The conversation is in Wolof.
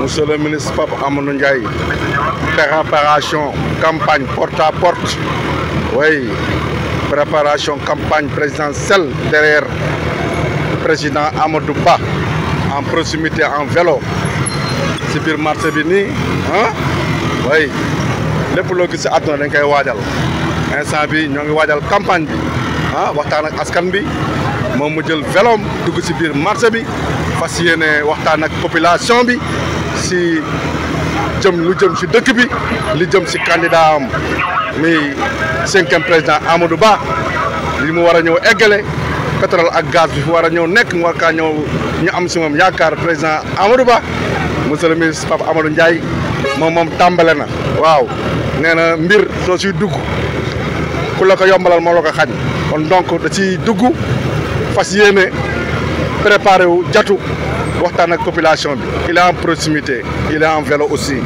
monsieur le ministre Pape Amadou Ndiaye préparation campagne porte à porte oui préparation campagne présidentielle derrière président Amadou Ba en proximité en vélo si biir marché bi nii ah oui lépp loo gis si àdduna dañ koy waajal instant il y a une campagne bi ah waxtaan ak askan bi moom mu jël véloom dugg si biir marché bi fas yéene waxtaan ak population ci jëm lu jëm ci dëkk bi li jëm ci candidat am 5e président Amadou Ba li mu wara ñëw égalé pétrole ak gaz bi wara ñëw nek mu war ñëw ñu am si moom yaakaar président Amadou Ba monsieur le ministre papa Amadou ndjay moom mom tambalé na waw néna mbir so ci dugg ku la ko yombalal mo la ko xañ kon donc da ci dugg fas yéene préparé wu jatu population il est en proximité il est en vélo aussi